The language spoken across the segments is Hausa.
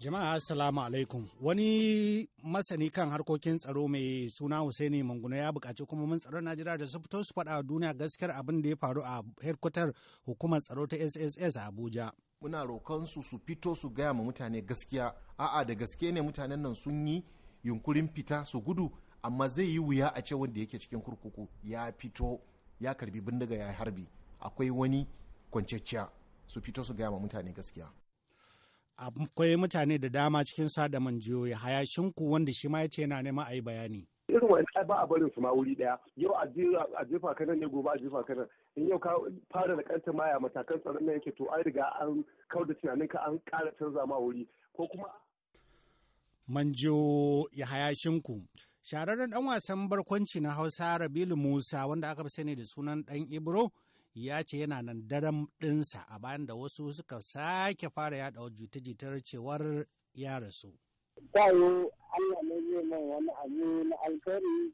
Jama'a assalamu alaikum. Wani masani kan harkokin tsaro mai suna Husaini Manguna ya buƙaci hukumomin tsaron Najeriya da su fito su faɗa duniya gaskiyar abin da ya faru a hedkwatar hukumar tsaro ta SSS a Abuja. Muna roƙon su su fito su gaya ma mutane gaskiya. A'a da gaske ne mutanen nan sun yi yunkurin fita su gudu amma zai yi wuya a ce wanda yake cikin kurkuku ya fito ya karbi bindiga ya harbi akwai wani kwanciyar su fito su gaya ma mutane gaskiya. akwai mutane da dama cikin sada sadaman hayashin hayashinku wanda shi ma ya ce yana neman a yi bayani. irin wani ba a barin su ma wuri daya yau a jefa kanan ne gobe a jefa kanan in yau ka fara da kanta maya matakan tsaron nan yake to an riga an kawo da tunanin ka an kara canza ma wuri ko kuma manjo ya hayashinku Shararren dan wasan barkwanci na hausa rabilu musa wanda aka fi sani da sunan ɗan ibro ya ce yana nan daren ɗinsa a bayan da wasu suka sake fara yaɗa jita-jitar cewar ya rasu. Bayo Allah ne zai mai wani abu na alkhairi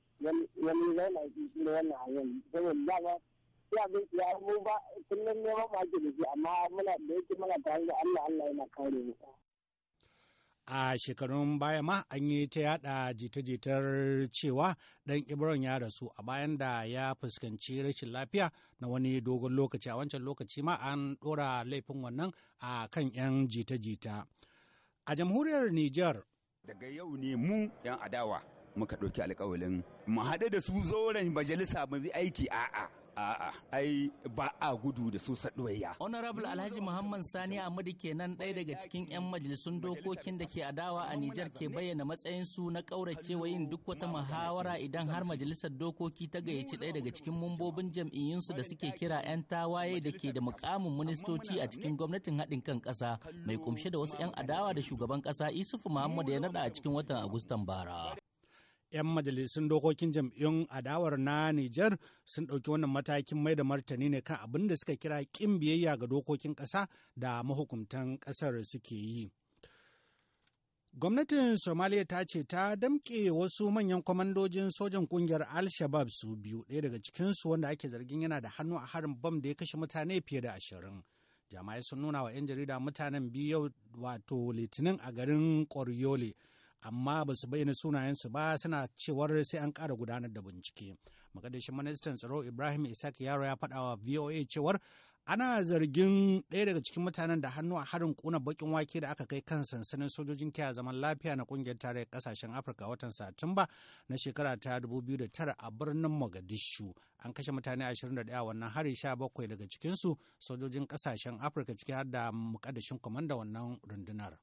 wani zauna kikiri wannan abin saboda dama ya bin ya mu ba kullum neman ma ake da shi amma muna da yake muna tare da Allah Allah yana kare mu. a shekarun baya ma an yi ta yada jita-jitar cewa dan ibron ya rasu a bayan da ya fuskanci rashin lafiya na wani dogon lokaci a wancan lokaci ma an dora laifin wannan a kan 'yan jita-jita a jamhuriyar niger daga yau ne mu 'yan adawa muka ɗauki alkawalin mu haɗu da su zoren majalisa mu aiki a'a A'a, ai ba a gudu da su saɗuwayya. Honorable Alhaji Muhammad Sani Ahmadu kenan ɗaya daga cikin 'yan majalisun dokokin da ke adawa a Nijar ke bayyana matsayin su na ƙauracewa yin duk wata muhawara idan har majalisar dokoki ta gayyaci ɗaya daga cikin mumbobin jam'iyyunsu da suke kira 'yan tawaye da ke da mukamin ministoci a cikin gwamnatin haɗin kan ƙasa mai kumshe da wasu 'yan adawa da shugaban ƙasa Isufu Muhammad ya nada a cikin watan Agustan bara. 'yan majalisun dokokin jam'iyyun adawar na Nijar sun ɗauki wannan matakin mai da martani ne kan abin da suka kira ƙin biyayya ga dokokin ƙasa da mahukuntan ƙasar suke yi. Gwamnatin Somalia ta ce ta damƙe wasu manyan kwamandojin sojan ƙungiyar Al-Shabab su biyu, ɗaya daga cikinsu wanda ake zargin yana da hannu a harin bam da ya kashe mutane fiye da ashirin. Jama'ai sun nuna wa 'yan jarida mutanen biyu yau wato Litinin a garin Koryole. amma ba su bayyana su ba suna cewar sai an ƙara gudanar da bincike. Makadashin ministan tsaro Ibrahim Isaac Yaro ya faɗa wa VOA cewar ana zargin ɗaya daga cikin mutanen da hannu a harin kuna bakin wake da aka kai kan sansanin sojojin kiyaye zaman lafiya na kungiyar tarayyar kasashen afirka watan satumba na shekara ta 2009 a birnin mogadishu an kashe mutane 21 wannan hari 17 daga cikinsu sojojin kasashen afirka ciki har da mukaddashin kwamanda wannan rundunar